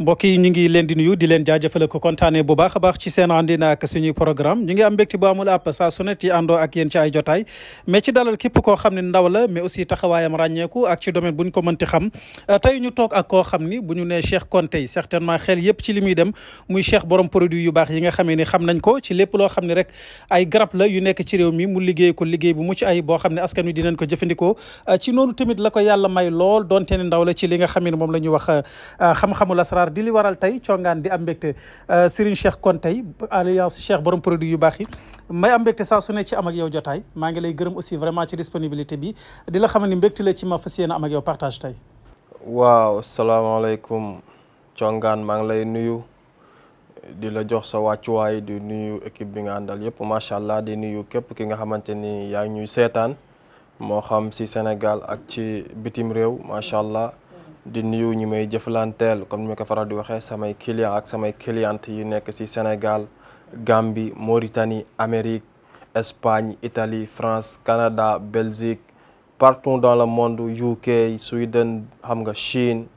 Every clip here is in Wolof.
mbokk yi ñu ngi leen di nuyu di leen jaajëfal ko kontaane bu baax a baax ci seen àndina ak suñuy programme ñu ngi am mbégte bu amul àpp saa su ne ci àndoo ak yéen ci ay jotaay mais ci dalal képp koo xam ni ndaw la mais aussi taxawaayam ràññeeku ak ci domaine bu ñu ko mënti xam euh, tey ñu toog ak koo xam ni bu ñu nee Cheikh Konté certainement xel yëpp ci li muy dem muy Cheikh borom produit yu baax yi nga xamee ni xam nañ ko ci lépp loo xam ne rek ay garab la yu nekk ci réew mi mu liggéey ko liggéey bu mucc ay boo xam ne askan wi dinañ ko jëfandikoo euh, ci noonu tamit la ko yàlla may lool doonte ne ndaw la ci li nga xam ne moom la ñuy wax euh, xam-xamul waar di li waral tey congaan di am mbégte euh, Serigne Cheikh Kon tey alliance Cheikh borom produit yu baax yi may am mbégte saa su ne ci am ak jotaay maa ngi lay gërëm aussi vraiment ci disponibilité bi di la xam ne mbégte la ci ma fas yéene am ak yow partage tey. waaw salaamaaleykum congaan maa ngi lay nuyu. di la jox sa wàccuwaay di nuyu équipe bi nga àndal yëpp macha allah di nuyu képp ki nga xamante ni yaa ñuy seetaan moo xam si Sénégal ak ci bitim réew macha allah di nuyu ñi may jëflanteel comme ni ma ko faral di waxee samay client ak samay cliente yu nekk ci Sénégal Gambie Mauritanie Amérique Espagne Italie France Canada Belgique partout dans le monde UK Sweden xam nga Chine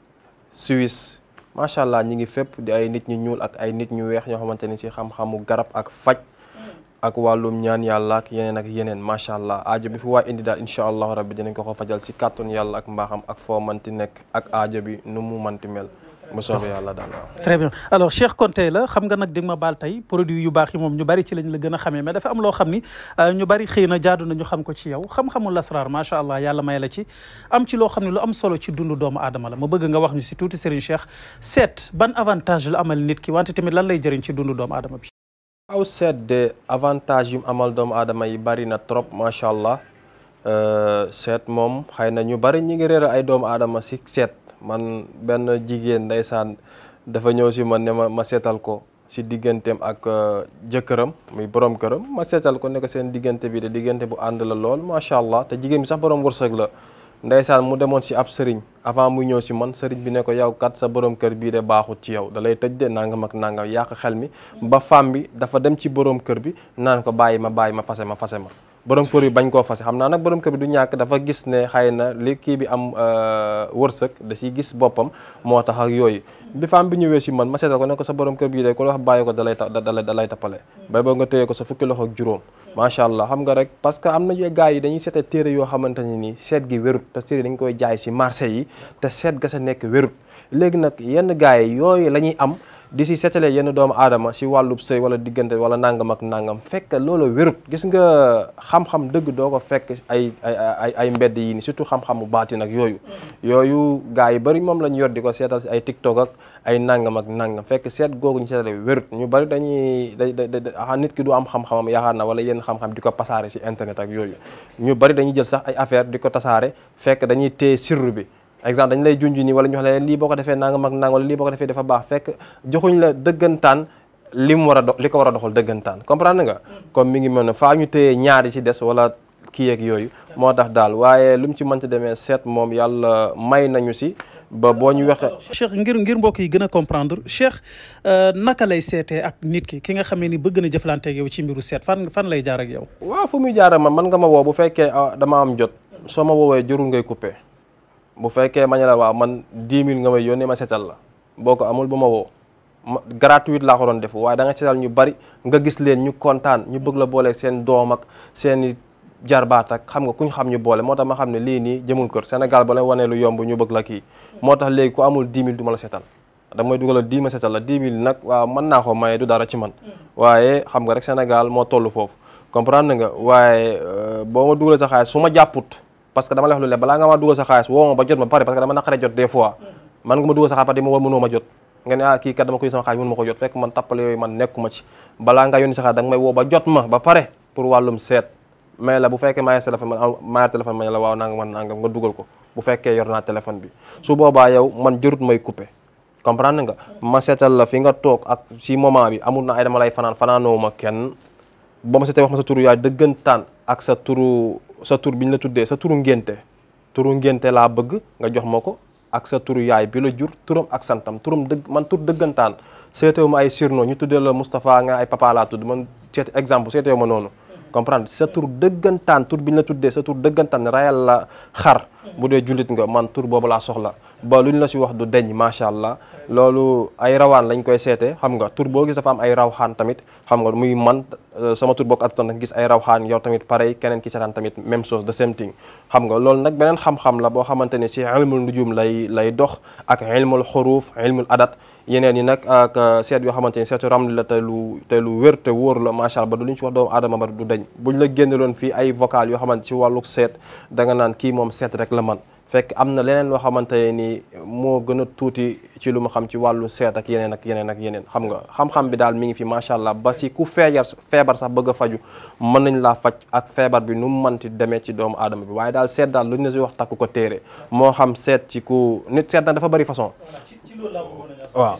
Suisse macha allah ñi ngi fépp di ay nit ñi ñuul ak ay nit ñu weex ñoo xamante ni ci xam-xamu garab ak faj. ak wàllum ñaan yàlla ak yeneen ak yeneen macha allah aajo bi fi waa indi daal incha allah rabbi dinañ ko ko fajal si kàttun yàlla ak mbaaxam ak foo manti nekk ak aajo bi nu mu manti mel mu soobee yàlla daal waaw très bien alors la xam nga nag di ma baal tey produit yu baax yi moom ñu bari ci lañ la gën a xamee mais dafa am loo xam ni euh, ñu bari xëy na jaadu na xam ko ci yow xam-xamul macha allah yàlla may la ci am ci loo xam ne lu am solo ci dundu doomu aadama la ma bëgg nga wax ñu si tuuti Serigne Cheikh seet ban avantage la amal nit ki wante tamit lan lay jëriñ ci dundu doom adama bi aw seet de avantage yu amal doomu aadama yi bari na trop macha allah euh, seet moom xëy na ñu bari ñi ngi réer ay doomu aadama si seet man benn jigéen ndeysaan dafa ñëw si man ne ma ma seetal ko si digganteem ak euh, jëkkëram muy borom këram ma seetal ko ne ko seen diggante bi de diggante bu ànd la lool macha allah te jigéen bi sax borom wërsëg la. ndeysaan mu demoon si ab sëriñ avant muy ñëw si man sëriñ bi ne ko yow kat sa borom kër bii de baaxut ci yow da lay tëj de nangam ak nangam yàq xel mi ba femme bi dafa dem ci borom kër bi naan ko bàyyi ma bàyyi ma fase ma fase ma borom kër bi bañ koo fase xam naa nag borom kër bi du ñàkk dafa gis ne xëy na li kii bi am euh, wërsëg da ciy gis boppam moo tax ak yooyu bi femme bi ñëwee ci man ma seetal ko ne ko sa borom kër bi de ku la wax dalay dalay tapale ko sa fukki loxo ak juróom macha allah nga rek parce que am na gars yi dañuy seete yoo xamante ne nii seet gi wérut te téere dañ koy jaay ci marché yi te seet ga sa nekk wérut léegi nag yenn gars yi yooyu la ñuy am di si seetalee yenn doomu aadama si wàllub sëy wala diggante wala nangam ak nangam fekk loola wérut gis nga xam-xam dëgg doo ko fekk ay ay ay mbedd yi ni surtout xam-xamu baati nag yooyu mm-hmm. yooyu gars yi bëri moom la ñu yor di ko seetal si ay tiktok ak ay nangam nangam fekk seet googu ñu seetale wérut ñu bari dañuy day da nit ki du am xam-xamam yaakaar na wala yenn xam-xam di ko pasaare si internet ak yooyu ñu bëri dañuy jël sax ay affaire di ko tasaare fekk dañuy téye sirru bi exemple dañ lay junj nii wala ñu wax la lii boo ko defee nangam ak nangam lii boo ko dafa baax fekk joxuñ la dëggantaan li mu war a do li ko war a doxal dëggantaan comprendre nga comme mi ngi mën ne faa ñu téye ñaari ci des wala kii yéeg yooyu moo tax daal waaye lu mu ci mënti demee seet moom yàlla may nañu si ba boo ñu waxee. Cheikh ngir ngir mbokk yi gën a comprendre Cheikh euh, naka lay seetee ak nit ki ki nga xamee ni bëgg na jëflante ak ci mbiru seet fan fan lay jaar ak yow. waaw fu muy jaar man man nga ma woo bu fekkee ah, dama am jot soo ma woowee jërul ngay coupé. bu fekkee ma ne waaw man 10 000 nga may yónnee ma setal la boo ko amul ba ma woo gratuite laa ko doon def waaye da nga seetal ñu bari nga gis leen ñu kontaan ñu bëgg la boole seen doom ak seen jarbaat ak xam nga ku ñu xam ñu boole moo tax ma xam ne lii nii jëmul kër Sénégal ba la wanee lu yomb ñu bëgg la kii moo tax léegi ku amul 10 000 du ma la setal damay dugal a 10 ma seetal la 10 nag waaw mën naa ko maye du dara ci man mm. waaye xam nga rek Sénégal moo toll foofu comprendre nga waaye euh, boo ma dugalee sa su ma jàpput parce que dama la wax lu le balaa nga maa dugal sa xaalis woo ma ba jot ma pare parce que dama naqare jot des hmm. man nga ma dugal sa xaalis parce ma ma jot nga ne ah kii kat dama koy sama xaalis mënu ma pour wàllum seet mais la bu fekkee maay téléphone man maay téléphone ma ko bu fekkee yor naa téléphone bi su boobaa yow man jërut may coupé comprendre nga hmm. ma seetal la fi nga toog ak si moment bi amul na ay dama lay fanaan fanaanoo kenn ba ma seetee wax sa turu ak sa turu sa tur bi ñu la tuddee sa turu ngénte turu ngénte laa bëgg nga jox ma ko ak sa turu yaay bi la jur turam ak santam turam dëgg man tur dëggantaan seetewu ma ay surnom ñu tuddee la Moustapha nga ay papa laa tudd man seet exemple seetewu ma noonu comprendre sa tour dëggantaan tour bi ñu la tuddee sa tour dëggantaan rayal la xar bu dee jullit nga man tour boobu laa soxla ba lu ñu la si wax du deñ macha allah loolu ay rawaan lañ koy seete xam nga tur boo gis dafa am ay rawxaan tamit xam nga muy man euh, sama tur boo ko attan nga gis ay rawxaan yow tamit parey keneen ki seetaan tamit même chose the same thing xam nga loolu nag beneen xam-xam la boo xamante ne si ilmul nujum lay lay dox ak ilmul xuruuf ilmul adat yeneen yi nag ak euh, seet yoo xamante ni seetu ramli la te lu te lu wér te wóor la macha allah ba du lu ñu ci wax doomu aadama ba du dañ buñ la génneloon fii ay yoo xamante ci wàllu seet da naan kii moom seet rek la man fekk am na leneen loo xamante ni moo gën a tuuti ci lu mu xam ci wàllu seet ak yeneen ak yeneen ak yeneen xam nga xam bi daal mi ngi fi macha allah ba si ku feebar feebar sax bëgg faju mën nañ laa faj ak feebar bi nu mu mënti demee ci doomu aadama bi waaye daal seet daal lu ñu la si wax takku ko téere moo xam seet ci ku nit seet nag dafa bëri façon waaw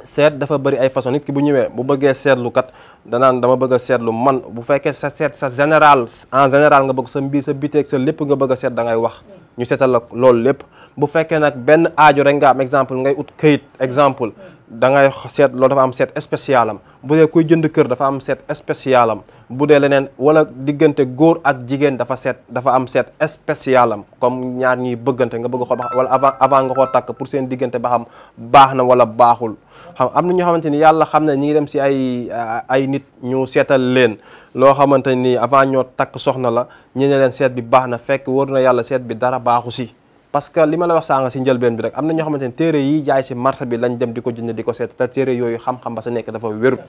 seet dafa bëri ay façon nit ki bu ñëwee bu bëggee seetlu kat danaan dama bëgg a seetlu man bu fekkee sa seet sa général en général nga bëgg sa mbir sa biteeg sa lépp nga bëgg a seet da ngay wax hmm. ñu seetal loolu lépp bu fekkee nag benn aajo rek nga am exemple ngay ut kayit exemple hmm. da ngay seet loolu dafa am seet spécialam bu dee kuy jënd kër dafa am seet spécialam bu dee leneen wala diggante góor ak jigéen dafa seet dafa am seet spécialam comme ñaar ñuy bëggante nga bëgg ko ba wala avant avant nga koo takk pour seen diggante ba xam baax na wala baaxul xam am na ñoo xamante ni yàlla xam ne ñi ngi dem si ay ay nit ñu seetal leen loo xamante ni avant ñoo takk soxna la ñu ne leen seet bi baax na fekk wóor na yàlla seet bi dara baaxu si parce que li ma la wax sànq si njëlbeen bi rek am na ñoo xamante ne téere yi jaay si marché bi lañ dem di ko jënd di ko seet te téere yooyu xam-xam ba sa nekk dafa wérut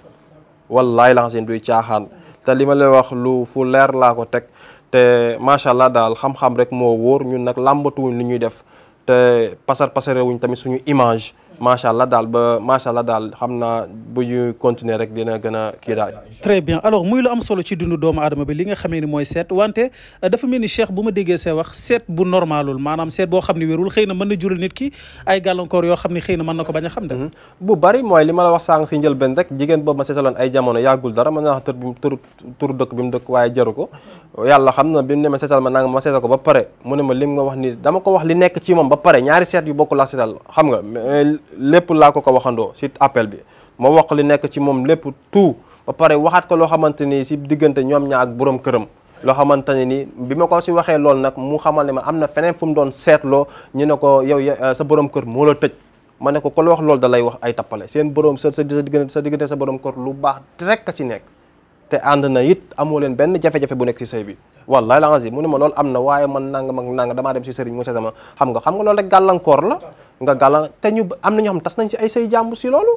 wallaay la seen duy caaxaan te li ma lay wax lu fu leer laa ko teg te macha allah daal xam-xam rek moo wóor ñun nag làmbatuwuñ li ñuy def te pasar pasare wuñ tamit suñu image macha allah daal ba macha daal xam naa bu ñu continuer rek dina gën a kii daal. très bien alors muy lu am solo ci dundu doomu aadama bi li nga xamee ni mooy seet wante euh, dafa mel ni Cheikh bu ma déggee see wax seet bu normalul maanaam seet boo xam ne wérul xëy na mën na jural nit ki ay gàllankoor yoo xam ne xëy na mën na ko bañ a xam ne mm-hmm. bu bari mooy li ma la wax sànq si njëlbeen rek jigéen boobu ma seetaloon ay jamono yàggul dara mën naa wax tur tur dëkk bi mu dëkk waaye jaru ko yàlla xam na bi mu ne ma seetal ma nangam ma seetal ko ba pare mu ne ma li nga wax ni dama ko wax li nekk ci moom ba pare ñaari seet yu bokk laa seetal xam nga eh, lépp laa ko ko waxandoo si appel bi ma wax li nekk ci moom lépp tout ba pare waxaat ko loo xamante ni si diggante ñoom ñaa ak borom këram loo xamante ne ni bi ma ko si waxee loolu nag mu xamal ne ma am na feneen fu mu doon seetloo ñu ne ko yow eh, sa borom kër moo la tëj ma ne ko ko la wax loolu da wax ay tappale seen borom sa sa diggante sa diggante sa borom kër lu baax rek a si nekk te ànd na it amoo leen benn jafe-jafe bu nekk ci sëy bi wallahi la mu ne ma loolu am na waaye man nangam ak nangam damaa dem ci sëriñ mu sama xam nga xam nga loolu rek gàllankoor la nga gàllan te ñu am na ñoo xam tas ci ay sëy jàmbu ci loolu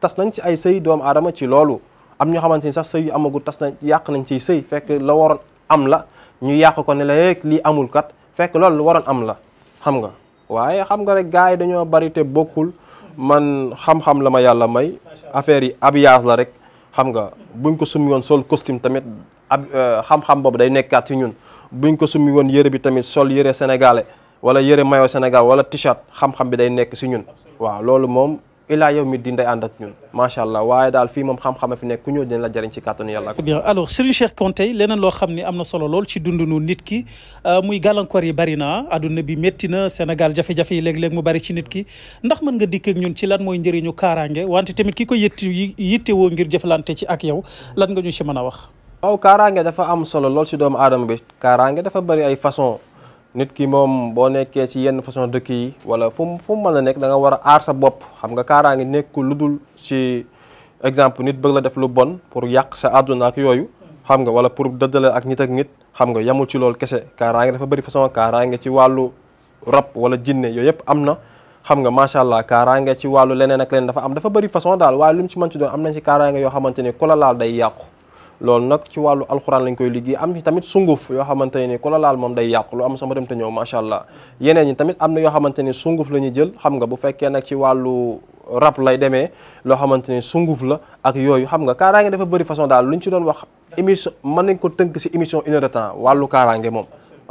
tas nañ ci ay sëy doomu aadama ci loolu am ñoo xamante ni sax sëy yu amagul tas nañ yàq nañ ciy sëy fekk la waroon am la ñu yàq ko ne la yeeg lii amul kat fekk loolu lu waroon am la xam nga waaye xam nga rek gars yi dañoo bari te bokkul man xam-xam la ma yàlla may affaire yi abiyaas la rek xam nga bu buñ ko summi woon sol costume tamit ab euh, xam-xam boobu day nekkaat si ñun buñ ko summi woon yëre bi tamit sol yëre sénégalais wala yére maillot Sénégal wala t-shirt xam-xam bi day nekk si ñun waaw loolu moom ilaa yow mi di nday ànd ak ñun macha allah waaye daal fii moom xam a fi nekk ku ñëw dina la jëriñ ci kàttanu yàlla eh bien alors Serigne Cheikh xam ne am na lool ci dundunu nit ki euh, muy gàllankoor yi bari na adduna bi métti na Sénégal jafe-jafe yi léeg mu bari ci nit ki ndax mën nga dikk ak ñun ci lan mooy njëriñu kaaraange wante tamit ki ko yitti yittewoo ngir jëflante ci ak yow lan nga ñu ci mën a wax waaw kaaraange dafa am solo lool ci doomu aadama bi kaaraange dafa bari ay façon nit kii moom boo nekkee ci yenn façon dëkk yi walla fu mu fu mu mën a nekk danga nga war aar sa bopp xam nga kaaraange nekkul lu dul ci exemple nit bëgg la def lu bon pour yàq sa àdduna ak yooyu. xam nga walla pour dëddale ak ñit ak nit xam nga yamul ci loolu kese kaaraange dafa bari façon kaaraange ci wàllu rab walla jinne yooyu yëpp am na. xam nga macha allah kaaraange ci wàllu leneen ak leneen dafa am dafa bari façon daal waaye lu mu ci mën ci doon am yoo xamante ni ku laal day loolu nag ci wàllu alxuraan lañ koy liggéey am ci tamit sunguf yoo xamante ni ku la laal moom day yàqu lu am sama dem te ñëw macha allah yeneen ñi tamit am na yoo xamante ni sunguf la ñuy jël xam nga bu fekkee nag ci wàllu rab lay demee loo xamante ni sunguf la ak yooyu xam nga kaaraange dafa bëri façon daal lu ñu ci doon wax émission mën nañ ko tënk si émission une heure de temps wàllu kaaraange moom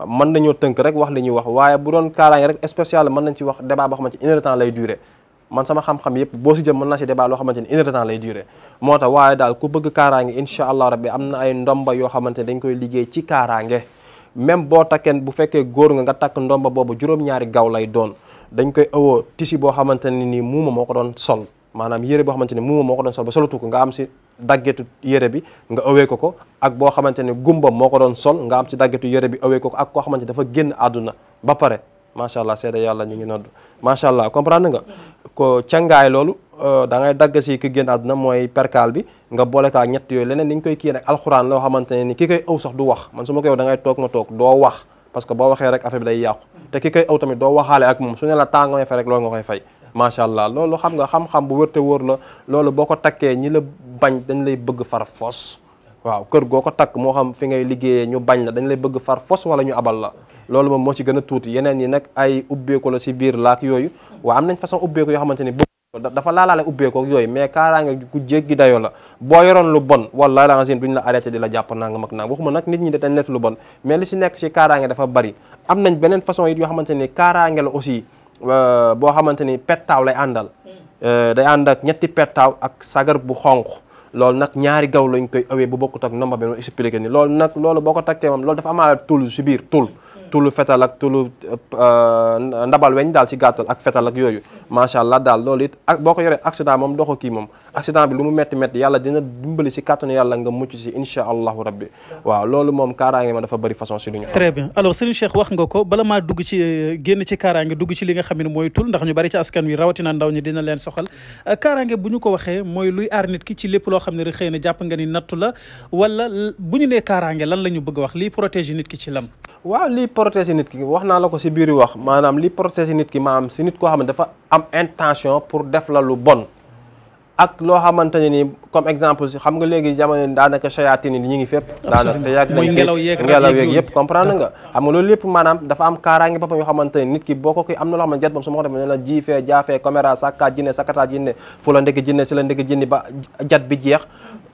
mën nañoo tënk rek wax li ñuy wax waaye bu doon kaaraange rek spécial mën nañ ci wax débat a xamante ci une lay durer man sama xam-xam yëpp boo si jëm man naa si débat loo xamante ni une heure de lay durer moo tax waaye daal ku bëgg kaaraange incha allah rabbi am na ay ndomba yoo xamante ne dañ koy liggéey ci kaaraange même boo takkeen bu fekkee góor nga nga takk ndomba boobu juróom-ñaari gaw lay doon dañ koy ëwoo tisi boo xamante ne nii muuma moo ko doon sol maanaam yére boo xamante ne muuma moo ko doon sol ba ko nga am si daggetu yére bi nga ëwee ko ko ak boo xamante ne gumba moo ko doon sol nga am si daggetu yére bi ëwee ko ak koo xamante dafa génn àdduna ba pare macha allah seede yàlla ñu ngi noddu macha allah comprendre nga ko cangaay loolu euh, da ngay dagg si ki génn àdduna mooy perkaal bi nga boolekaa ñett yooyu leneen ni ñu koy kii nag alxuraan loo xamante ne ni ki koy aw sax du wax man su ma koy wax da ngay toog ma toog doo wax parce que boo waxee rek affaire bi day yàqu te ki koy aw tamit doo waxaale ak moom su ne la tàngooy fa rek loolu nga koy fay macha allah loolu xam nga xam-xam bu wérte wóor la loolu boo ko takkee ñi la bañ dañ lay bëgg far fos waaw kër goo ko takk moo xam fi ngay liggéeyee ñu bañ la dañ lay bëgg far fos wala ñu abal la loolu moom moo ci gën a tuuti yeneen yi nag ay ubbeeku la si biir laak yooyu waaw am nañ façon ubbeeku yoo xamante ni dafa laalaale ubbeeku ak yooyu mais kaaraange ku jéggi dayoo la boo yoroon lu bon wallaahi la duñ la arrêté di la jàpp nangam ak nangam waxuma nag nit ñi dañ def lu bon mais li si nekk si kaaraange dafa bari am nañ beneen façon it yoo xamante ni kaaraange la aussi euh, boo xamante ni pettaaw lay àndal hmm. euh, day ànd ak ñetti pettaaw ak sagar bu xonq loolu nag ñaari gaw la koy awee bu bokkut ak nomba bi ma boo ko takkee moom loolu dafa amaale tul si biir tul tulu fetal ak tulu euh, ndabal weñ daal ci gàttal ak fetal yooyu macha allah daal loolu it ak boo ko yoree accident moom doxo kii moom accident bi lu mu métti métti yàlla dina dimbali ci kàttanu yàlla nga mucc ci incha allahu rabbi waaw loolu moom kaaraange ma dafa bëri façon ci lu ñu très bien alors Serigne Cheikh wax nga ko bala maa dugg ci euh, génn ci kaaraange dugg ci li nga xam mooy tul ndax ñu bari ci askan wi rawatina ndaw ñi dina leen soxal euh, kaaraange ñu ko waxee mooy luy nit ki ci lépp loo xam ne xëy na jàpp nga ni nattu la wala bu ñu nee kaaraange lan la ñu bëgg wax liy protéger nit ki ci lam protéger nit ki wax naa la ko si biir wax maanaam li protéger nit ki maanaam si nit koo xam ne dafa am intention pour def la lu bon ak loo xamante ne nii comme exemple si xam nga léegi jamono daanaka sayaatin yi ñu ngi fépp daanaka te yàgg nañ ngelaw yeeg yëpp comprendre nga xam nga loolu lépp nit ki boo ko koy am na loo xam ne jat moom su ma ko ne la jiifee jaafee caméra sakka jinne sakata jinne fu la ndekki jinne si la ndekki jinne ba jat bi jeex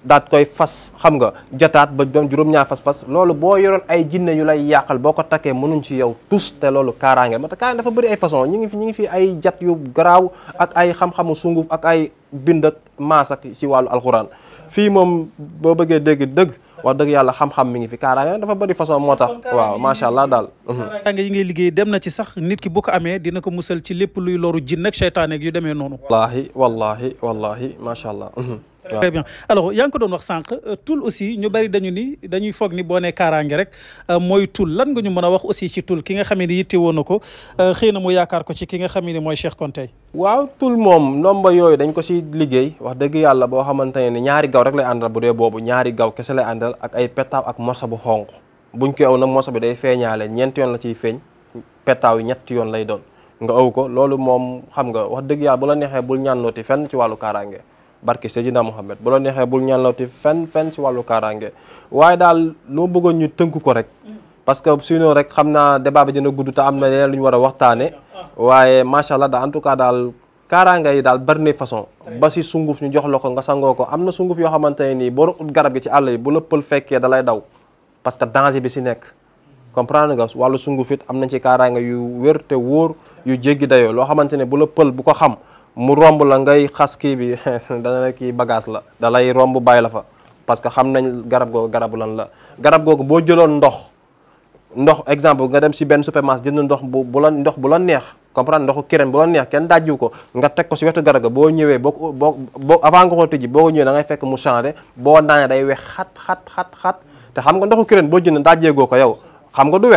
daat koy fas xam nga jataat ba doon juróom-ñaar fas-fas loolu boo yoroon ay jinne yu lay yàqal boo ko takkee mënuñ ci yow tous te loolu kaaraange ma te kaaraange dafa bari ay façon ñu ngi fi ngi fi ay jat yu garaaw ak ay xam-xamu sunguf ak ay bind ak maas ak wàllu alxuraan fii moom boo bëggee dégg dëgg wax dëgg yàlla xam mi ngi fi kaaraange dafa bëri façon moo tax waaw macha allah daal mhm. kaaraange yi ngay liggéey dem na ci sax nit ki bu ko amee dina ko musal ci lépp luy loru jinn ak seytaane ak yu demee noonu wallaahi wallaahi wallaahi macha allah mhm. très bien alors yaa ngi ko doon wax sànq euh, tul aussi ñu bari dañu nii dañuy foog ni boo nee kaaraange rek euh, mooy tul lan nga ñu mën a wax aussi ci tul ki nga xam ne yitte woon na ko euh, xëy na mu yaakaar ko ci ki nga xam ne mooy Cheikh Konté waaw tul moom nomba yooyu dañ ko ci liggéey wax dëgg yàlla boo xamante ne ñaari gaw rek lay àndal bu dee boobu ñaari gaw kese lay àndal ak ay petaaw ak mosa bu xonq buñ ko aw nag mosa bi day feeñaale ñeenti yoon la ciy feeñ petaaw yi ñetti yoon lay doon nga aw ko loolu moom xam nga wax dëgg yàlla bu la neexee bul ñaan nooti fenn ci wàllu kaaraange barki Seydina Mohamed bu la neexee bul ñaanlawti fenn fenn si wàllu kaaraange waaye daal loo bëggoon ñu tënk ko rek mm. parce que sinon rek xam naa débat bi dina gudd te am na yeneen lu ñu war a waxtaane waaye macha allah daal en tout cas daal kaaraange yi daal bari na façon ba si sunguf ñu jox la ko nga sangoo ko am na sunguf yoo xamante ne nii boo ut garab gi ci àll yi bu la pël fekkee dalay daw parce que danger bi si nekk comprendre nga wàllu sunguf it am nañ ci kaaraange yu wér te yu jéggi dayoo loo xamante ne bu la bu ko xam mu romb la ngay xas kii bi dana kii bagage la da lay romb bàyyi la fa parce que xam nañ garab googu garabu lan la garab googu boo jëloon ndox ndox exemple nga dem si benn supermarché jënd ndox bu bu la ndox bu la neex comprendre ndoxu kireen bu neex kenn dajjiw ko nga teg ko si wetu garab boo ñëwee boo ko boo avant nga ko tëjji boo ñëwee da ngay fekk mu changé boo naanee day wex xat xat xat xat te xam nga ndoxu kireen boo jënd dajjeegoo ko yow xam nga du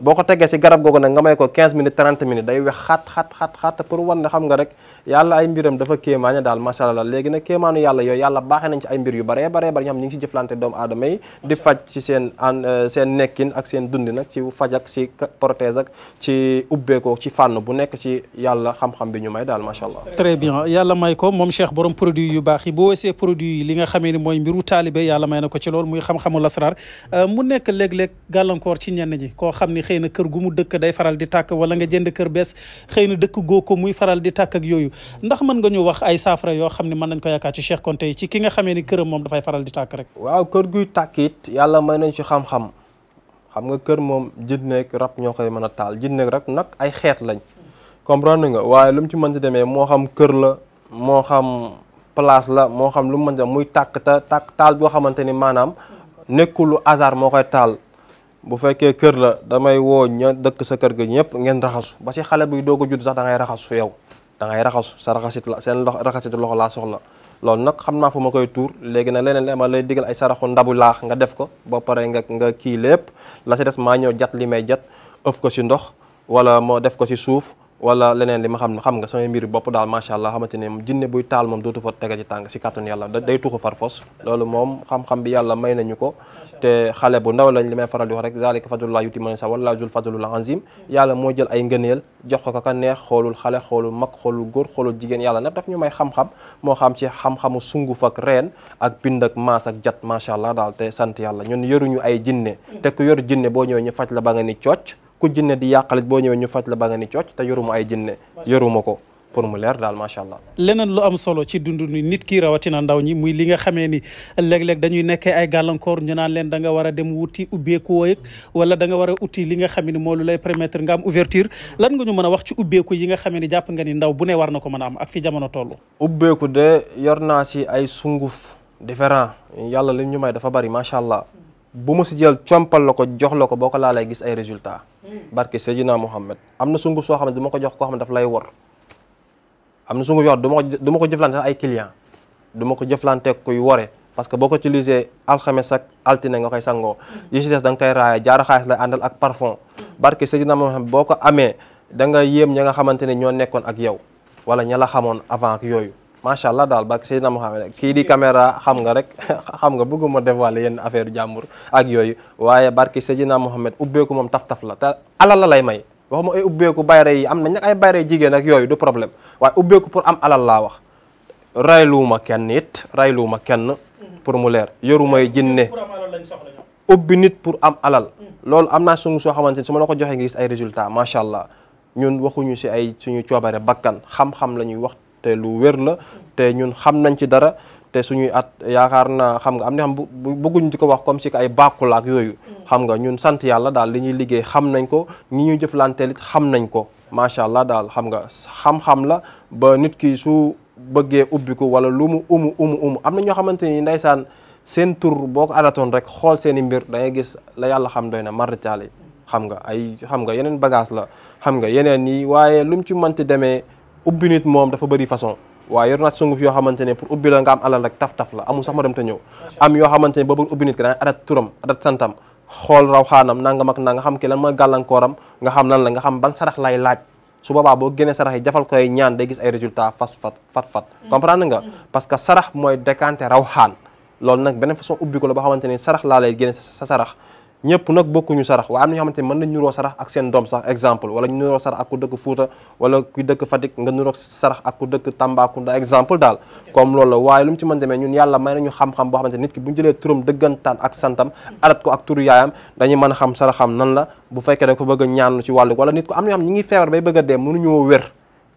boo ko tegee si garab googu nag nga may ko 15 minutes 30 minutes day wex xat xat xat xat pour wan ne xam nga rek yàlla ay mbiram dafa kéemaaña daal macha allah léegi na kéemaanu yàlla yooyu yàlla baaxee nañ ci ay mbir yu baree baree bari ñoo xam ñu ngi jëflante doomu aadama yi di faj ci seen an euh, seen nekkin ak seen dundi nag ci faj ak ci prothèse ak ci ubbeekoo ci fànn bu nekk ci yàlla xam-xam bi ñu may daal macha allah très bien yàlla may ko moom cheikh borom produit yu baax yi boo see produit yi li nga xamee ni mooy mbiru taalibe yàlla may na ko ci loolu muy xam-xamu lasrar euh, mu nekk léeg gàllankoor ci ñenn ñi koo xam ni xëy na kër gu mu dëkk day faral di tàkk wala nga jënd kër bees xëy na dëkk goo ko muy faral di tàkk ak yooyu ndax mën nga ñu wax ay saafara yoo xam ne mën nañ ko yaakaar ci Cheikh Konté yi ci ki nga xamee ni këram moom dafay faral di tàkk rek waaw kër guy tàkk yàlla may nañ ci xam-xam xam nga kër moom jinneeg rab ñoo koy mën a taal jinneeg rek nag ay xeet lañ comprendre nga waaye lu mu ci mën ci demee moo xam kër la moo xam place la moo xam lu mu mën muy tàkk ta tàkk taal boo xamante ni maanaam nekkulu lu moo koy taal bu fekkee kër la damay woo ña dëkk sa kër ga ñëpp ngeen raxasu ba xale buy doog a judd sax da ngay raxasu yow da ngay raxasu sa raxasit la seen loxo raxasitu loxo laa soxla lool nag xam na fu ma koy tuur léegi na leneen li ma lay digal ay saraxu ndabu laax nga def ko boo paree nga nga kii lép la si des maa ñëw jat li may jat ëf ko si ndox wala moo def ko si suuf wala leneen li ma xam xam nga samay mbir bopp daal macha allah xamante ne jinne buy taal moom dootu fa tege ci tàng si kàttanu yàlla day tuxu far fos loolu moom xam-xam bi yàlla may nañu ko te xale bu ndaw lañ li may faral di wax rek zalika fadlullah yuti man sa wala zul fadlul azim yàlla moo jël ay ngëneel jox ko ka neex xoolul xale xoolul mag xoolul góor xoolul jigéen yàlla nag daf ñu may xam-xam moo xam ci xam-xamu sunguf ak reen ak bind ak maas ak jat macha allah daal te sant yàlla ñun yoruñu ay jinne te ku yor jinne boo ñëwee ñu faj la ba nga ni cooc ku jinne di yàqale boo ñëwee ñu faj la ba nga ni cooc te yoruma ay jinne yoruma ko pour mu leer daal macha allah. leneen lu am solo ci dundu nit ki rawatina ndaw ñi muy li nga xamee ni léeg-léeg dañuy nekkee ay gàllankoor ñu naan leen danga nga war a dem wuti ubbeeku wooyeg wala da nga war a uti li nga xam ne moo lu lay permettre nga am ouverture lan nga ñu mën a wax ci ubbeeku yi nga xamee ni jàpp nga ni ndaw bu ne war na ko mën a am ak fi jamono toll. ubbeeku de yor naa si ay sunguf différent yàlla li ñu may dafa bari macha allah bu mu si jël compal la ko jox la ko boo ko laa lay gis ay résultat hmm. barke Seydina Muhammad am na sunguf soo xam ne du ko jox ko xam ne daf lay wor am na sunguf yoo xam ne du ma ko du ma ko jëflante ay client du ma ko jëflante kuy wore parce que boo ko utilisé alxames ak altine nga koy sangoo hmm. yi si des da nga koy raaya jaar xaalis lay àndal ak parfum hmm. barke Seydina Muhammad boo ko amee danga nga yéem ña nga xamante ne ñoo nekkoon ak yow wala ña la xamoon avant yooyu macha allah daal barke Seydina Muhammad kii di caméra xam nga rek xam nga bëgguma dévoiler yenn affaire jàmbur ak yooyu waaye barke Seydina Muhammad ubbeeku moom taf-taf la te alal lay may waxuma ay ubbeeku bayre yi am na nag ay bayre jigéen ak yooyu du problème waaye ubbeeku pour am alal laa wax rayluwuma kenn it rayluwuma kenn pour mu leer yorumay jinne ubbi nit pour am alal loolu am naa suñu soo xamante ni su ma la ko joxee nga gis ay résultat macha allah ñun waxuñu si ay suñu coobare bakkan xam la ñuy wax te lu wér la te ñun xam nañ ci dara te suñuy at yaakaar naa xam nga am na xam bëgguñ di ko wax comme si que ay bàkkul yooyu xam nga ñun sant yàlla daal li ñuy liggéey xam nañ ko ñi ñuy jëflanteel it xam nañ ko macha allah daal xam nga xam la ba nit ki su bëggee ubbiku wala lu mu umu umu am na ñoo xamante ni ndeysaan seen tur boo ko adatoon rek xool seen i mbir da gis la yàlla xam doy na maritaal xam nga ay xam nga yeneen bagage la xam nga yeneen yi waaye lu ci mënti demee ubbi nit moom dafa bari façon waaye yor naa sunguf yoo xamante ne pour ubbi la nga am alal rek taf-taf la amul sax ma dem te ñëw am yoo xamante boo bëgg ubbi nit ki daan adat turam adat santam xool raw xaanam nangam ak nangam nga xam ki lan mooy gàllankooram nga xam lan la nga xam ban sarax lay laaj su boobaa boo génnee sarax yi jafal koy ñaan day gis ay résultat fas fat fat fat mm. comprendre nga mm. parce que sarax mooy décanté raw xaan loolu nag beneen façon ubbi ko la boo xamante ne sarax laa lay génne sa ñëpp nag bokkuñu sarax waaye am na ñoo xamante mën nañ nuroo sarax ak seen doom sax exemple wala ñu nuroo sarax ak ku dëkk Fuuta wala ku dëkk Fatick nga nuroo sarax ak ku dëkk Tambacounda exemple daal comme loolu la waaye lu mu ci mën demee ñun yàlla may nañu xam-xam boo xamante nit ki bu ñu jëlee turam dëggantaan ak santam adat ko ak turu yaayam dañuy mën a xam saraxam nan la bu fekkee dañ ko bëgg ñaanu ñaanlu ci wàllu wala nit ko am na ñoo xam ñi ngi feebar bay bëgg a dee mënuñoo wér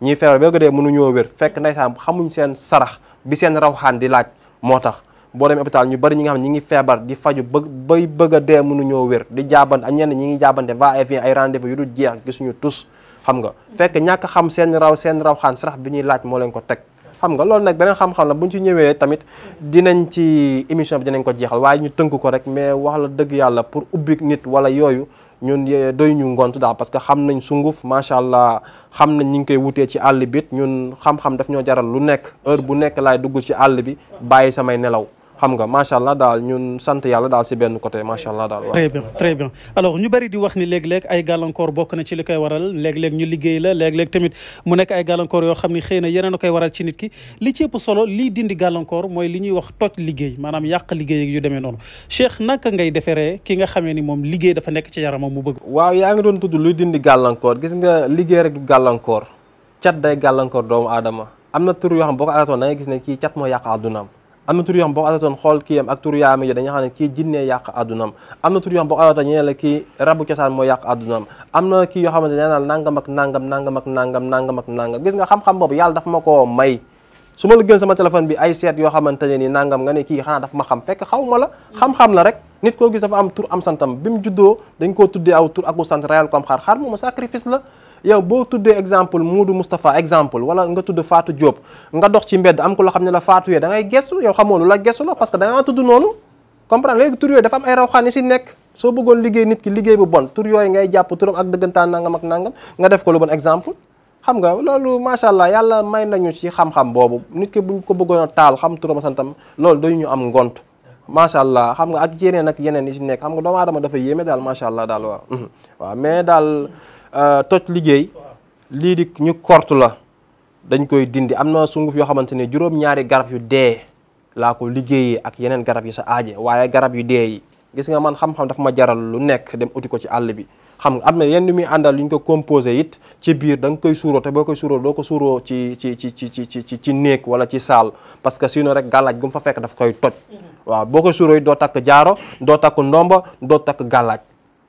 ñiy feebar bay bëgg a dee mënuñoo wér fekk ndeysaan xamuñ seen sarax bi seen rawxaan di laaj moo tax boo demee hôpital ñu bari ñi nga xam ne ñi ngi feebar di faju bëgg bay bëgg a nu mënuñoo wér di jaabante ak ñeen ñi ngi jaabante va et vient ay rendez-vous yu dul jeex gisuñu tus xam nga fekk ñàkk xam seen raw seen raw xaan sarax bi ñuy laaj moo leen ko teg xam nga loolu nag beneen xam-xam ci ñëwee tamit dinañ ci émission bi dinañ ko jeexal waaye ñu tënk ko rek mais wax la dëgg yàlla pour ubbi nit wala yooyu ñun doy ñu ngont daal parce que xam nañ sunguf macha allah xam nañ ñi ngi koy wutee ci àll bi ñun xam-xam daf ñoo jaral lu nekk heure bu nekk laay dugg ci àll bi bàyyi samay nelaw xam nga macha allah daal ñun sant yàlla daal si benn côté macha allah daal. très bien très bien alors ñu bëri di wax ni léeg-léeg ay gàllankoor bokk na ci li koy waral léeg-léeg ñu liggéey la léeg-léeg tamit mu nekk ay gàllankoor yoo xam ni xëy na yeneen a koy waral ci nit ki li ci ëpp solo lii dindi gàllankoor mooy li ñuy wax toj liggéey maanaam yàq liggéey yu demee noonu Cheikh naka ngay deferee ki nga xamee ni moom liggéey dafa nekk ci yaramam mu bëgg. waaw yaa ngi doon tudd luy dindi gàllankoor gis nga liggéey rek du gàllankoor cat day gàllankoor aadama am na tur yoo xam boo ko arrêté gis ne kii cat moo yàq àddunaam am na tur yoo xam boo ko adatoon xool kii am ak tur yaam yi dañuy xam ne kii jinnee yàq àddunaam am na tur yoo xam boo ko la kii rabu cosaan mooy yàq àddunaam am na kii yoo xamante nee naa nangam nangam nangam nangam nangam ak gis nga xam-xam boobu yàlla dafa ma koo may su ma la gën sama téléphone bi ay seet yoo xamante ne ni nangam nga ne kii xanaa dafa ma xam fekk xaw ma la xam-xam la rek nit koo gis dafa am tur am santam bi mu juddoo dañ koo tuddee aw tur aku sant rayal ko am xar xar moom sacrifice la yow boo tuddee exemple Moodu Moustapha exemple wala nga tudd Fatou Diop nga dox ci mbedd am ko loo xam ne la Fatou yee da ngay gestu yow xamoo lu la gestu parce que da tudd noonu comprendre léegi tur yooyu dafa am ay rawxaan yi si nekk soo bëggoon liggéey ki liggéey bu bon tur yooyu ngay jàpp turam ak dëggantaan nangam ak nangam nga def ko lu bon exemple xam nga loolu macha allah yàlla may nañu ci xam-xam boobu nit ki bu ko bëggoon a taal xam turam santam loolu dañu ñu am ngont macha allah xam nga ak yeneen ak yeneen yi ci nekk xam nga doomu aadama dafa yéeme daal macha allah daal waaw mhm. waaw Euh, toj liggéey lii di ñu kort la dañ koy dindi am na sunguf yoo xamante ne juróom-ñaari garab yu dee laa ko liggéeyee ak yeneen garab yi sa aaje waaye garab yu dee yi gis nga man xam-xam dafa ma jaral lu nekk dem uti ko ci àll bi xam nga am na yenn muy àndal yu ñu ko composé it ci biir danga koy suuroo te boo koy suuroo doo ko suuroo ci ci ci ci ci ci ci néeg wala ci saal parce que sinon rek gàllaaj gu mu fa fekk daf koy toj mm-hmm. waaw boo koy suuroo it doo takk jaaro doo takk ndomba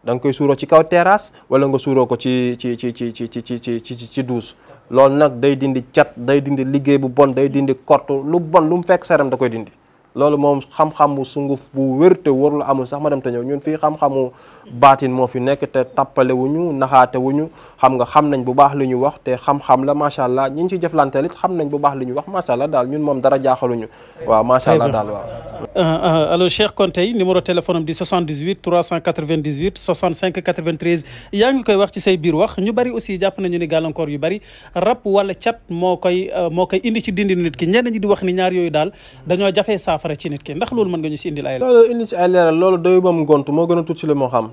da nga koy suuroo ci kaw terrasse wala nga suuroo ko ci ci ci ci ci ci ci ci douche loolu nag day dindi cat day dindi liggéey bu bon day dindi korte lu bon lu mu fekk seram da koy dindi loolu moom xam bu sunguf bu wér te lu amul sax ma dem te ñëw ñun fii xam-xamu baatin moo fi nekk te tappale wu ñu naxaate wu ñu xam nga xam nañ bu baax li ñu wax te xam-xam la macha allah ñi ñu ci jëflanteel it xam nañ bu baax li ñu wax macha allah daal ñun moom dara jaaxaluñu waaw macha allah daal waaw. Euh, euh, alors Cheikh Konte numéro téléphone am di 78 398 65 93 yaa ngi koy wax ci say biir wax ñu bari aussi jàpp nañu ni gàllankoor yu bari rab wala cat moo koy euh, moo koy indi ci dindi nit ki ñenn ñi di wax ni ñaar yooyu daal dañoo jafee saafara ci nit ki ndax loolu mën nga ñu si indi ci ay leeral loolu doyu ngont moo gën a tuuti moo xam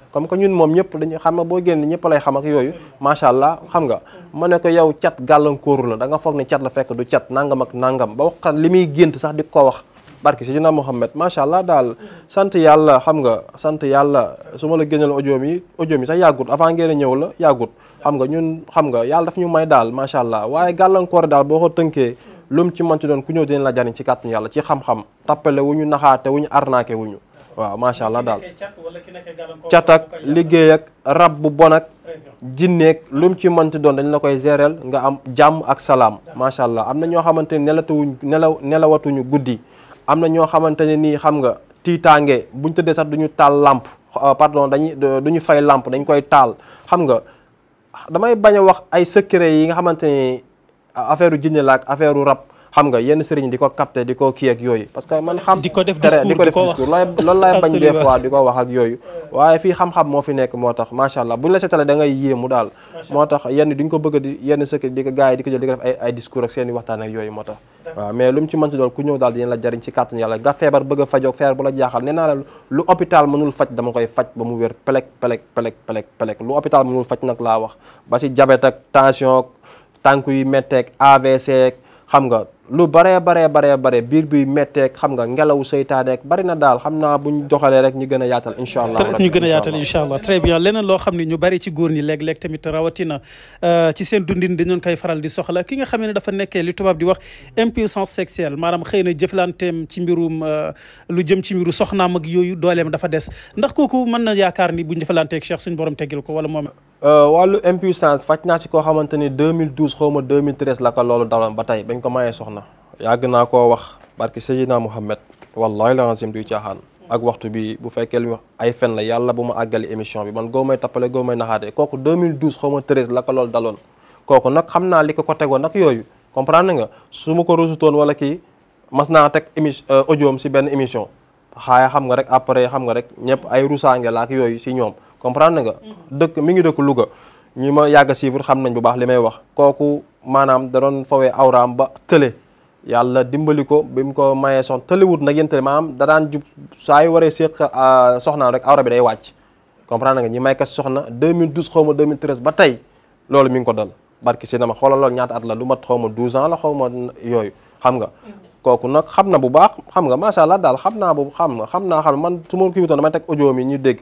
comme que ñun moom ñëpp dañuy xam nga boo génn ñëpp lay xam ak yooyu macha allah xam nga ma ne ko yow cat gàllankooru la da nga foog ne cat la fekk du cat nangam ak nangam ba li muy gént sax di ko wax barki si dina Mouhamed macha allah daal sant yàlla xam nga sant yàlla su ma la génneel audio mi audio mi sax yàggut avant ngeen a ñëw la yàggut xam nga ñun xam nga yàlla daf ñu may daal macha allah waaye gàllankoor daal boo ko tënkee lu mu ci mën ci doon ku ñëw dina la jariñ ci kàttan yàlla ci xam-xam tappale wu ñu naxaate wu ñu arnaqué wu ñu waaw macha allah daal cat ak liggéey ak rab bu bon ak jinneeg lu mu ci mënt doon dañ la koy géreel nga am jàmm ak salaam macha allah am na ñoo xamante ne nelawatuñu nelaw nelawatuñu guddi am na ñoo xamante ne nii xam nga tiitaange buñ tëddee sax duñu taal làmp euh, pardon dañuy duñu fay làmp dañ koy taal xam nga damay bañ a wax ay secret yi nga xamante ni affaire u jinne la ak u rab xam nga yenn sëriñ di ko capté di ko kii ak yooyu parce que man xam di ko def discours di ko loolu laay bañ des fois di ko wax ak yooyu waaye fii xam-xam moo fi nekk moo tax macha allah buñ la seetalee da ngay yéemu daal moo tax yenn duñ ko bëgg di yenn sëkk di ko gars yi di ko jël ko def ay ay discours ak seen i waxtaan ak yooyu moo tax waaw mais lu mu ci mënti doon ku ñëw daal dinañ la jariñ ci kàttan yàlla nga feebar bëgg a fajoog feebar bu la jaaxal nee naa la lu hôpital mënul faj dama koy faj ba mu wér pelek pelek pelek pelek pelek lu hôpital mënul faj nag laa wax ba xam nga lu baree baree baree bare biir biy metteeg xam nga ngelaw seytaaneek bari na daal xam naa buñ doxalee rek ñu gën a yaatal incha allah ñu gën a yaatal incha allah très bien leneen loo xam ne ñu bari ci góor ñi léeg-léeg tamit rawatina euh, ci seen dundin dañoon koy faral di soxla ki nga xamee ne dafa nekkee li tubaab di wax impuissance sexuelle maanaam xëy na jëflanteem ci mbirum euh, lu jëm ci mbiru soxnaam mag yooyu dooleem dafa des ndax kooku mën na yaakaar ni bu jëflanteeg Cheikh suñu borom teggil ko wala moom euh, wàllu impuissance faj naa ci koo xamante ni 2012 xaw ma 2013 la ko loolu ba tey bañ ko mayee soxna yàgg naa koo wax barki Seydina Mouhamed wallahi lazim duy caaxaan ak waxtu bi bu fekkee lu ay fen la yàlla bu ma àggali émission bi man goo may tappale goo may naxaate kooku 2012 xaw ma 13 la ko loolu daloon kooku nag xam naa li ko ko tegoon nag yooyu comprendre nga su ma ko rusutoon wala kii mas naa teg émission euh, audioom si benn émission xaaya xam nga rek après xam nga rek ñëpp ay rusaange la ak yooyu si ñoom comprendre nga dëkk mi ngi dëkk Louga ñi ma yàgg a suivre xam nañ bu baax li may wax kooku maanaam da doon fawee awraam ba tële yàlla dimbali ko bi mu ko mayee soxna tëliwut nag yéntale maanaam da danaan jub saa yu waree séq euh, soxnaam rek awra bi day wàcc comprendre nga ñi may ko soxna 2012 xaw ma 2013 ba tey loolu mi ngi ko dal barki si dama xoolal loolu ñaata at la lu mat xaw ma 12 ans la xaw ma yooyu xam nga kooku nag xam na bu baax xam nga macha allah daal xam naa boobu xam nga xam naa xam man su ma kii wutoon damay teg audio mi ñu dégg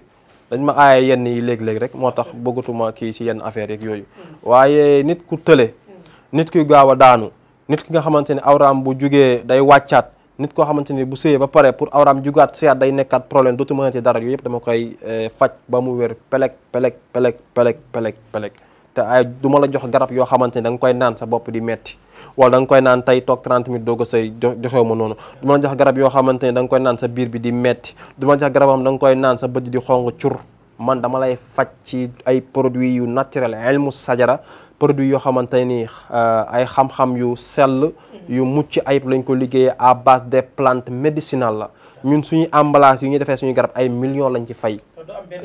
dañ ma aaye yenn yi léeg-léeg rek moo tax bëggatuma kii si yenn affaire yeeg yooyu mm. waaye nit ku tële mm. nit kuy gaaw a daanu nit ki nga xamante ni awraam bu jógee day wàccaat nit koo xamante ni bu sëyee ba pare pour awraam jugaat sëyaat day nekkaat problème dootu mënati dara yooyu yëpp dama koy eh, faj ba mu wér peleg peleg peleg peleg peleg peleg te ay du ma la jox garab yoo xamante ni da nga koy naan sa bopp di metti wala da koy naan tey toog 30 minutes doog a sëy ma noonu du jox garab yoo xamante ni da nga naan sa biir bi di metti du ma la jox garabam da koy naan sa bët di xong cur man dama lay faj ci ay produits yu naturel ilmu sajara produit yoo xamante ni euh, ay xam-xam yu sell yu mucc ayib lañ ko liggéeyee à base des plantes médicinales la ñun suñu emballage yu ñuy defee suñu garab ay millions lañ ci fay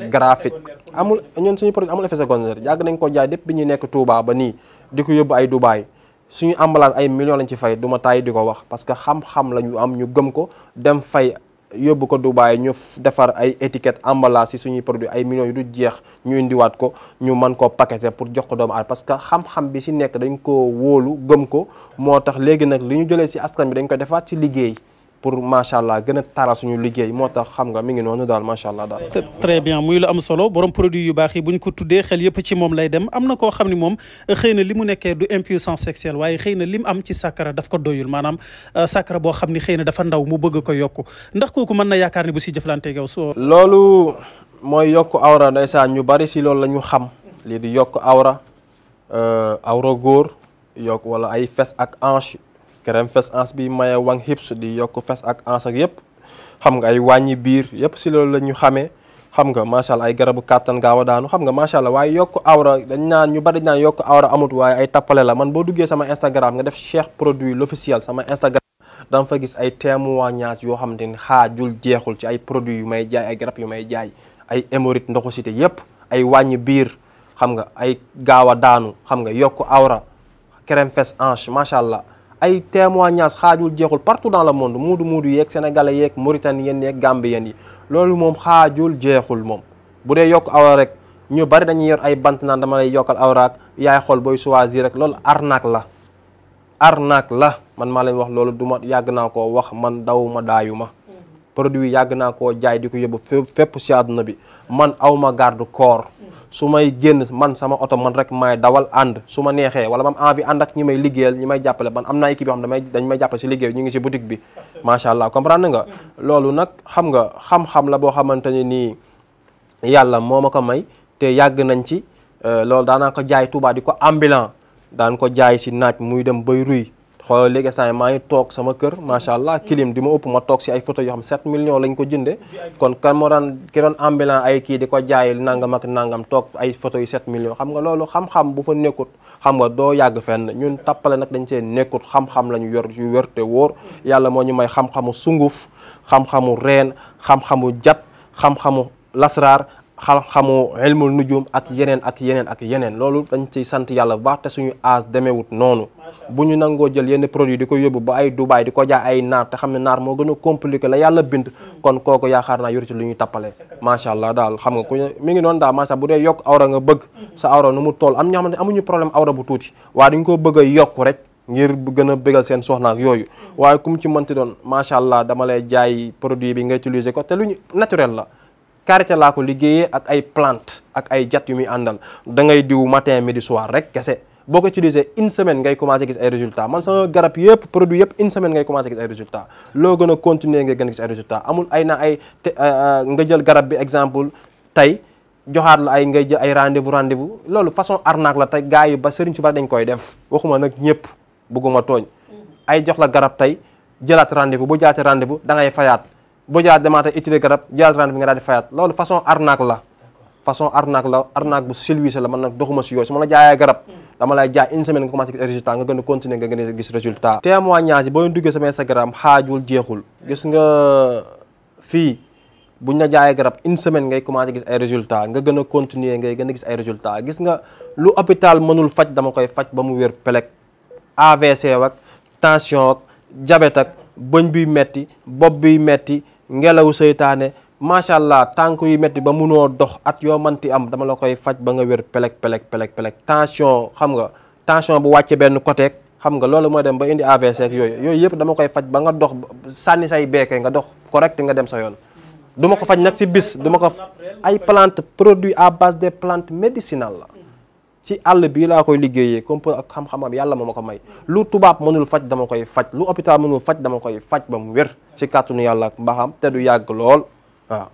graphique amul ñun suñu produit amul effet secondaire jàgg nañ ko jaay dépp bi ñuy nekk Touba ba nii di ko yóbbu ay Dubaay suñu emballage ay millions lañ ci fay du ma di ko wax parce que xam-xam la ñu am ñu gëm ko dem fay yóbbu ko Dubaay ñu defar ay étiquette emballage si suñuy produit ay millions yu du jeex ñu indiwaat ko ñu mën koo paqueter pour jox ko doomu aadama parce que xam-xam bi si nekk dañ ko wóolu gëm ko moo tax léegi nag li ñu jëlee si askan bi dañu ko defaat ci liggéey pour macha allah gën a taral suñu liggéey moo tax xam nga mi ngi noonu daal macha allah daal. très bien muy lu am solo borom produit yu baax yi buñ ko tuddee xel yëpp ci moom lay dem am na koo xam ne moom xëy na li mu nekkee du impuissance sexuelle waaye xëy na li mu am ci sàkkara daf ko doyul maanaam euh, sàkkara boo xam ne xëy na dafa ndaw mu bëgg ko yokku ndax kooku mën na yaakaar ne bu si jëflanteeg yow soo. loolu mooy yokk awra ndeysaan ñu bari si loolu la ñu xam lii di yokk awra euh, awra góor yokk wala ay fes crème fess ans bi maye wang hips di yokk fess ak ans ak yëpp xam nga ay wàññi biir yëpp si loolu la ñu xamee xam nga macha allah ay garabu kàttan gaaw daanu xam nga macha allah waaye yokk awra dañ naan ñu bari naan yokk awra amut waaye ay tappale la man boo duggee sama Instagram nga def Cheikh produit l'officiel sama Instagram dama fa gis ay témoignages yoo xam ne xaajul jeexul ci ay produits yu may jaay garab yu may jaay ay hémorroïdes ndoxu cité yëpp ay wàññi biir xam nga ay gaaw a daanu xam nga yokk awra macha allah ay témoignages xaajul jeexul partout dans le monde muudu muudu yeeg sénégalais yeeg mauritanien yeeg gambien yi loolu moom xaajul jeexul moom bu dee yokk awra rek ñu bari dañuy yor ay bant naan dama lay yokkal awraak yaay xool booy choisir rek loolu arnaque la arnaque la man maa leen wax loolu duma yàgg naa ko wax man dawuma daayuma produit yàgg naa ko jaay di ko yóbbu fépp ci àdduna bi man awma garde corps su may génn man sama oto man rek may dawal ànd su ma neexee wala ma am envie ànd ak ñi may liggéeyal ñi may jàppale man am naa équipe yoo xam dañ may jàppale ci liggéey ñu ngi ci boutique bi macha allah comprendre nga loolu nag xam nga xam-xam la boo xamante ne nii yàlla moo ma ko may te yàgg nañ ci euh, loolu daanaa ko jaay Touba di ko ambulant daan ko jaay ci naaj muy dem bay ruy xoolal léegi saa maa ngi toog sama kër macha allah kilim di ma ëpp ma toog si ay photo yoo xam 7 millions lañ ko jëndee kon kan moo daan ki doon ambulant ay kii di ko jaayil nangam ak nangam toog ay photo yu 7 millions xam nga loolu xam-xam bu fa nekkut xam nga doo yàgg fenn ñun tappale nag dañ see nekkut xam-xam la ñu yor yu wér te wóor yàlla moo ñu may xam-xamu sunguf xam-xamu reen xam-xamu jat xam-xamu lasraar xam-xamu ilmul nujum ak yeneen ak yeneen ak yeneen loolu dañ ciy sant yàlla bu baax te suñu aas demeewut noonu bu ñu nangoo jël yenn produit di ko yóbbu ba ay Dubaay di ko jaay ay naar te xam ne naar moo gën a compliqué la yàlla bind hmm. kon kooku yaakaar naa yor ci lu ñuy tappalee macha allah daal xam nga ku mi ngi noonu daal macha allah bu dee yokk awra nga bëgg hmm. sa awra nu mu toll am ñoo xam ne amuñu problème awra bu tuuti waaye dañ ko bëgg a yokk rek ngir gën a bégal seen soxnaak yooyu hmm. waaye ku ci mënti doon macha allah dama lay jaay produit bi nga utiliser ko te lu ñu naturel la ak ay plante ak ay jat yu da ngay diw matin midi soir rek kese boo ko utilisé une semaine ngay commencé gis ay résultats man sama garab yëpp produit yëpp une semaine ngay commencé gis ay résultats loo gën a continuer nga gën a gis ay résultats na ay te euh, euh, nga jël garab bi exemple tey joxaat ay ngay jël ay rendez-vous rendez-vous loolu façon arnaque la tey gars yi ba sëriñ su dañ koy def waxuma nag ñëpp bëgguma tooñ ay jox la garab tey jëlaat rendez-vous boo jaatee rendez-vous da ngay fayaat boo jëlaat demaatee utiliser garab jëlaat rendez-vous nga daal di fayaat loolu façon arnaque la façon arnaque la arnaque bu silwise la man nag doxuma si yooyu su ma la jaayee garab dama lay jaay une semaine nga commencé gis résultat nga gën a continuer nga gën a gis résultat témoignage yi boo leen duggee sama Instagram xaajul jeexul gis nga fii buñ la jaayee garab une semaine ngay commencé gis ay résultat nga gën a continuer ngay gën a gis ay résultat gis nga lu hôpital mënul faj dama koy faj ba mu wér pelek AVC ak tension ak diabète ak bëñ buy metti bopp buy metti ngelawu seytaane macha allah tànk yu métti ba munoo dox at yoo manti am dama la koy faj ba nga wér pelek pelek pelek pelek tension xam nga tension bu wàccee benn côté xam nga loolu mooy dem ba indi AVC yooyu yooyu yëpp dama koy faj ba nga dox sànni say beekee nga dox correct nga dem sa yoon. du ko faj nag si bis du ko ay plante produit à base des plantes médicinales la ci àll bii laa koy liggéeyee composé ak xam-xamam yàlla moo ma ko may lu tubaab mënul faj dama koy faj lu hôpital mënul faj dama koy faj ba mu wér ci kàttanu yàlla ak mbaaxam te du yàgg lool. waaw